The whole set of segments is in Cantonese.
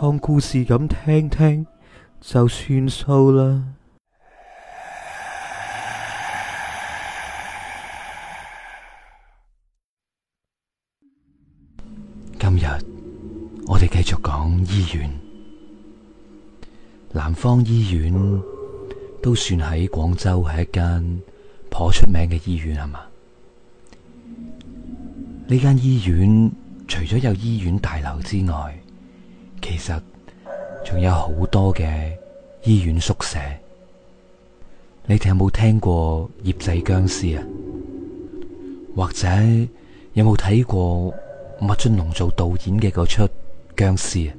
當故事咁聽聽就算數啦。今日我哋繼續講醫院，南方醫院都算喺廣州係一間頗出名嘅醫院係嘛？呢間醫院除咗有醫院大樓之外，其實仲有好多嘅醫院宿舍，你哋有冇聽過醃製僵屍啊？或者有冇睇過麥浚龍做導演嘅嗰齣僵屍啊？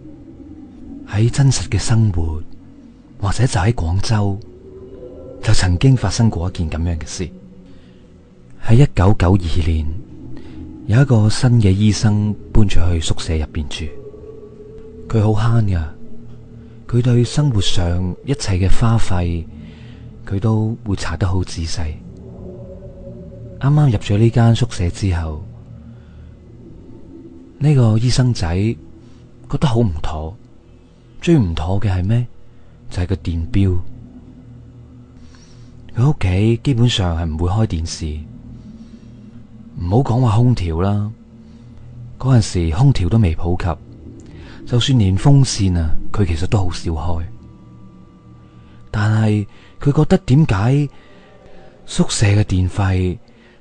喺真實嘅生活，或者就喺廣州，就曾經發生過一件咁樣嘅事。喺一九九二年，有一個新嘅醫生搬咗去宿舍入邊住。佢好慳噶佢對生活上一切嘅花費，佢都會查得好仔細。啱啱入咗呢間宿舍之後，呢個醫生仔覺得好唔妥。最唔妥嘅係咩？就係個電錶。佢屋企基本上係唔會開電視，唔好講話空調啦。嗰陣時空調都未普及。就算連風扇啊，佢其實都好少開。但係佢覺得，點解宿舍嘅電費，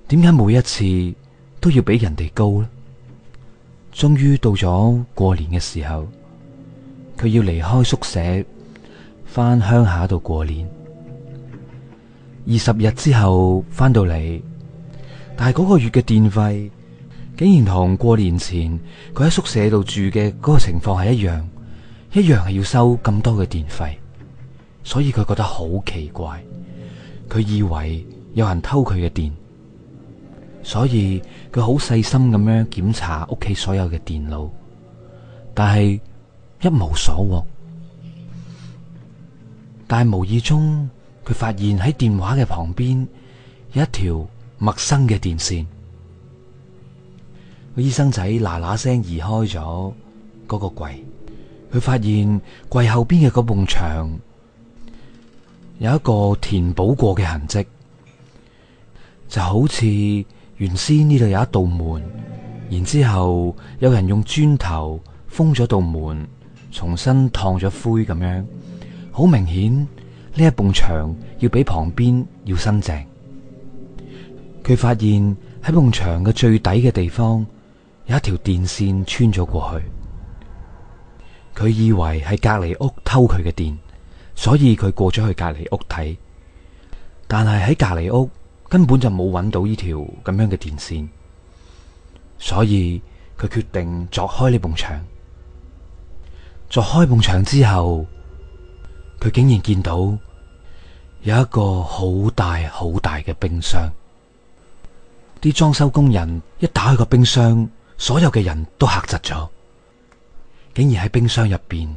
點解每一次都要比人哋高呢？終於到咗過年嘅時候，佢要離開宿舍翻鄉下度過年。二十日之後翻到嚟，但係嗰個月嘅電費。竟然同過年前佢喺宿舍度住嘅嗰個情況係一樣，一樣係要收咁多嘅電費，所以佢覺得好奇怪。佢以為有人偷佢嘅電，所以佢好細心咁樣檢查屋企所有嘅電腦，但係一無所獲。但係無意中，佢發現喺電話嘅旁邊有一條陌生嘅電線。個醫生仔嗱嗱聲移開咗嗰個櫃，佢發現櫃後邊嘅嗰埲牆有一個填補過嘅痕迹，就好似原先呢度有一道門，然之後有人用磚頭封咗道門，重新燙咗灰咁樣，好明顯呢一埲牆要比旁邊要新淨。佢發現喺埲牆嘅最底嘅地方。有一條電線穿咗過去，佢以為係隔籬屋偷佢嘅電，所以佢過咗去隔籬屋睇。但係喺隔籬屋根本就冇搵到呢條咁樣嘅電線，所以佢決定鑿開呢埲牆。鑿開埲牆之後，佢竟然見到有一個好大好大嘅冰箱。啲裝修工人一打開個冰箱。所有嘅人都嚇窒咗，竟然喺冰箱入邊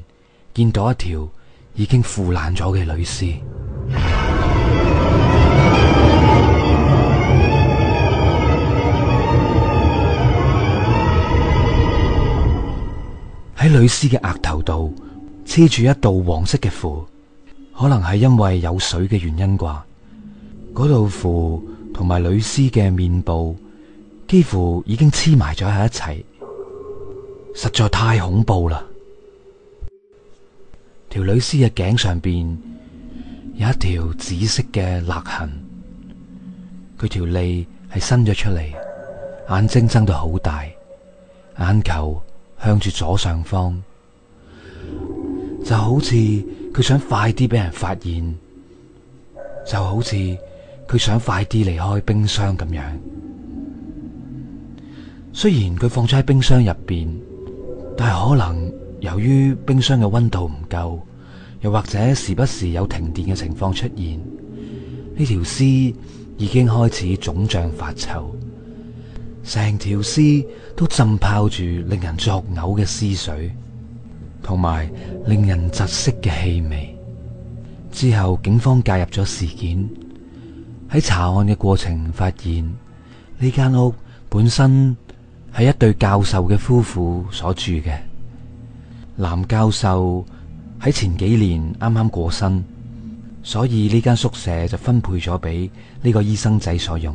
見到一條已經腐爛咗嘅女屍。喺 女屍嘅額頭度黐住一道黃色嘅符，可能係因為有水嘅原因啩？嗰道符同埋女屍嘅面部，幾乎已經黐埋咗喺一齊，實在太恐怖啦！條女屍嘅頸上邊有一條紫色嘅勒痕，佢條脷係伸咗出嚟，眼睛睜到好大，眼球向住左上方，就好似佢想快啲俾人發現，就好似佢想快啲離開冰箱咁樣。雖然佢放咗喺冰箱入邊，但係可能由於冰箱嘅溫度唔夠，又或者時不時有停電嘅情況出現，呢條屍已經開始腫脹發臭，成條屍都浸泡住令人作嘔嘅屍水，同埋令人窒息嘅氣味。之後警方介入咗事件，喺查案嘅過程發現，呢間屋本身。係一對教授嘅夫婦所住嘅，男教授喺前幾年啱啱過身，所以呢間宿舍就分配咗俾呢個醫生仔所用。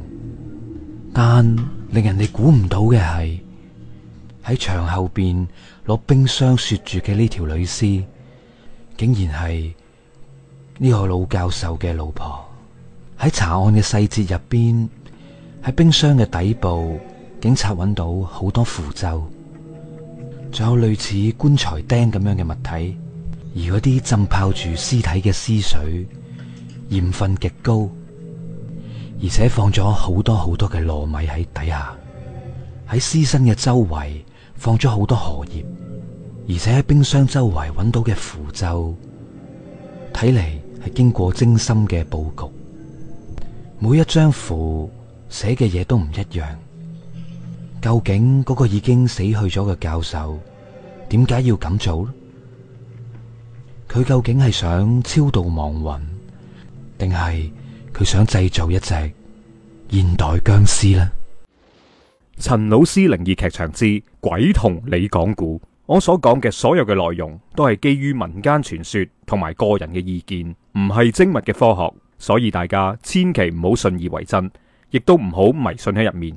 但令人哋估唔到嘅係，喺牆後邊攞冰箱雪住嘅呢條女屍，竟然係呢個老教授嘅老婆。喺查案嘅細節入邊，喺冰箱嘅底部。警察揾到好多符咒，仲有類似棺材釘咁樣嘅物體，而嗰啲浸泡住屍體嘅屍水，鹽分極高，而且放咗好多好多嘅糯米喺底下，喺屍身嘅周圍放咗好多荷葉，而且喺冰箱周圍揾到嘅符咒，睇嚟係經過精心嘅佈局，每一張符寫嘅嘢都唔一樣。究竟嗰個已經死去咗嘅教授點解要咁做呢？佢究竟係想超度亡魂，定係佢想製造一隻現代僵屍呢？陳老師靈異劇場之「鬼同你講古」，我所講嘅所有嘅內容都係基於民間傳說同埋個人嘅意見，唔係精密嘅科學，所以大家千祈唔好信以為真，亦都唔好迷信喺入面。